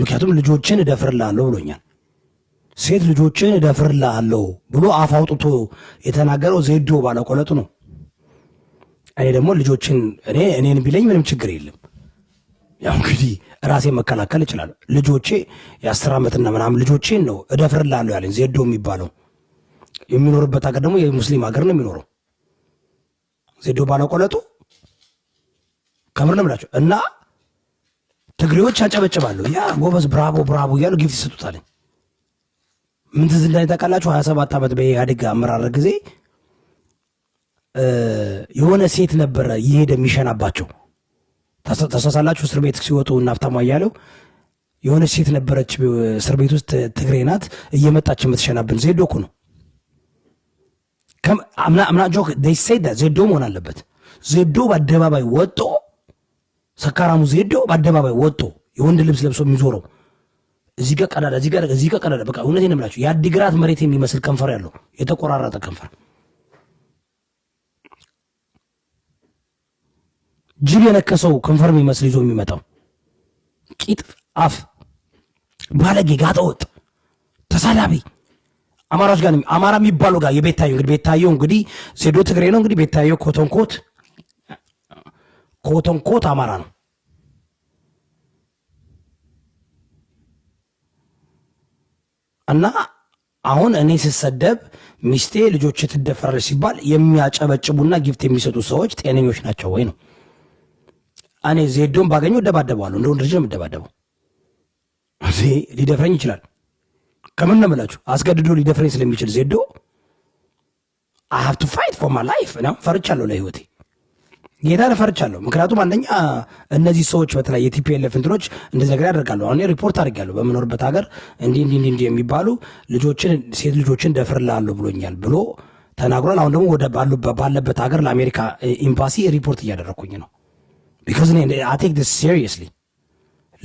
ምክንያቱም ልጆችን እደፍርልሃለሁ ብሎኛል። ሴት ልጆችን እደፍርልሃለሁ ብሎ አፍ አውጥቶ የተናገረው ዜዶ ባለቆለጡ ነው። እኔ ደግሞ ልጆችን እኔ እኔን ቢለኝ ምንም ችግር የለም። ያው እንግዲህ ራሴ መከላከል እችላለሁ። ልጆቼ የአስር ዓመትና ምናምን ልጆቼን ነው እደፍርልሃለሁ ያለኝ ዜዶ የሚባለው የሚኖርበት ሀገር ደግሞ የሙስሊም ሀገር ነው የሚኖረው። ዜዶ ባለቆለጡ ከምር ነው የምላቸው እና ትግሬዎች ያጨበጭባሉ። ያ ጎበዝ ብራቦ ብራቮ እያሉ ጊፍት ይሰጡታል። ምን ትዝ እንዳለኝ ታውቃላችሁ? ሀያ ሰባት ዓመት በኢህአዴግ አመራር ጊዜ የሆነ ሴት ነበረ ይሄደ የሚሸናባቸው ተሳሳላችሁ። እስር ቤት ሲወጡ እናፍታማ እያለው የሆነች ሴት ነበረች እስር ቤት ውስጥ ትግሬ ናት እየመጣች የምትሸናብን። ዜዶ እኮ ነው አምና ጆክ ዜዶ መሆን አለበት። ዜዶ በአደባባይ ወጦ ሰካራሙ ዜዶ በአደባባይ ወጦ የወንድ ልብስ ለብሶ የሚዞረው እዚህ ጋር ቀዳዳ፣ እዚህ ጋር እዚህ ጋር ቀዳዳ። በቃ እውነት ነው እምላችሁ የአዲግራት መሬት የሚመስል ከንፈር ያለው የተቆራረጠ ከንፈር ጅብ የነከሰው ከንፈር የሚመስል ይዞ የሚመጣው ቂጥ አፍ ባለጌ ጋጠወጥ ተሳላቢ አማራዎች ጋር አማራ የሚባሉ ጋር የቤታየው እንግዲህ ቤታየው እንግዲህ ሴዶ ትግሬ ነው እንግዲህ ቤታየው ኮተንኮት ኮቶን ኮት አማራ ነው። እና አሁን እኔ ስሰደብ ሚስቴ ልጆች ትደፈራለች ሲባል የሚያጨበጭቡና ጊፍት የሚሰጡ ሰዎች ጤነኞች ናቸው ወይ ነው? እኔ ዜዶን ባገኘው እደባደበዋለሁ። እንደ ወንድ ልጅ ነው የምደባደበው። ሊደፍረኝ ይችላል። ከምን ነው የምላችሁ? አስገድዶ ሊደፍረኝ ስለሚችል ዜዶ አይ ሃቭ ቱ ፋይት ፎር ማይ ላይፍ። ፈርቻለሁ ለህይወቴ ጌታ እፈርቻለሁ። ምክንያቱም አንደኛ እነዚህ ሰዎች በተለይ የቲፒኤልኤፍ እንትኖች እንደዚህ ነገር ያደርጋሉ። አሁን ሪፖርት አድርጊያለሁ በምኖርበት ሀገር እንዲህ እንዲህ እንዲህ የሚባሉ ልጆችን ሴት ልጆችን ደፍርላለሁ ብሎኛል ብሎ ተናግሯል። አሁን ደግሞ ወደ ባለበት ሀገር ለአሜሪካ ኤምባሲ ሪፖርት እያደረግኩኝ ነው። ቢካዝ አይ ቴክ ዲስ ሲሪየስሊ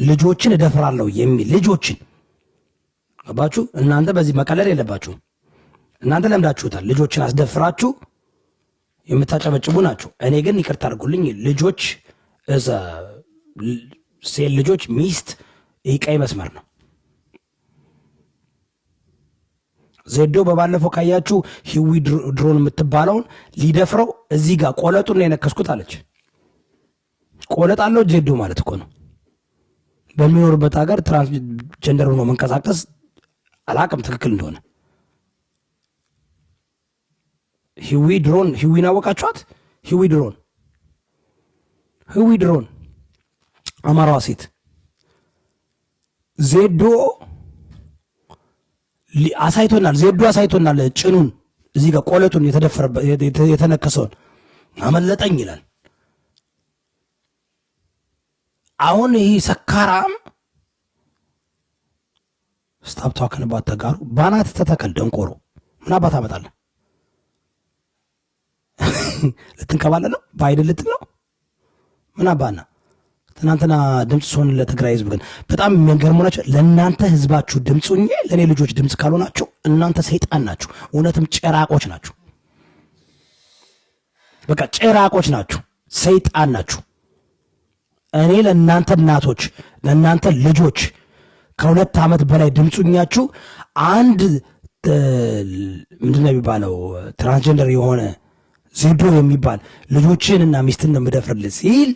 ልጆችን እደፍራለሁ የሚል ልጆችን ገባችሁ። እናንተ በዚህ መቀለል የለባችሁም። እናንተ ለምዳችሁታል። ልጆችን አስደፍራችሁ የምታጨበጭቡ ናቸው። እኔ ግን ይቅርታ አድርጉልኝ ልጆች ሴት ልጆች ሚስት ቀይ መስመር ነው። ዜዶ በባለፈው ካያችሁ ሂዊ ድሮን የምትባለውን ሊደፍረው እዚህ ጋር ቆለጡን ነው የነከስኩት አለች። ቆለጥ አለው ዜዶ ማለት እኮ ነው። በሚኖርበት ሀገር ትራንስጀንደር ሆኖ መንቀሳቀስ አላቅም ትክክል እንደሆነ ህዊ ድሮን ሂዊን አወቃችኋት? ህዊ ድሮን ህዊ ድሮን አማራዋ ሴት ዜዶ አሳይቶናል። ዜዶ አሳይቶናል። ጭኑን እዚህ ጋር ቆለቱን የተነከሰውን አመለጠኝ ይላል። አሁን ይህ ሰካራም ስታብቷክን ተጋሩ ባናት ተተከል ደንቆሮ ምናባት አመጣለን ልትንከባለል ነው? በአይደል ልትል ነው? ምን አባና ትናንትና ድምፅ ስሆን ለትግራይ ህዝብ ግን በጣም የሚገርሙ ናቸው። ለእናንተ ህዝባችሁ ድምፅ ሁኜ ለእኔ ልጆች ድምፅ ካልሆናችሁ እናንተ ሰይጣን ናችሁ። እውነትም ጨራቆች ናችሁ። በቃ ጨራቆች ናችሁ፣ ሰይጣን ናችሁ። እኔ ለእናንተ እናቶች፣ ለእናንተ ልጆች ከሁለት ዓመት በላይ ድምፅ ሁኛችሁ አንድ ምንድነው የሚባለው ትራንስጀንደር የሆነ ዜዶ የሚባል ልጆችንና ሚስትን ነው የምደፍርልህ ሲል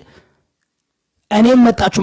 እኔም መጣችሁ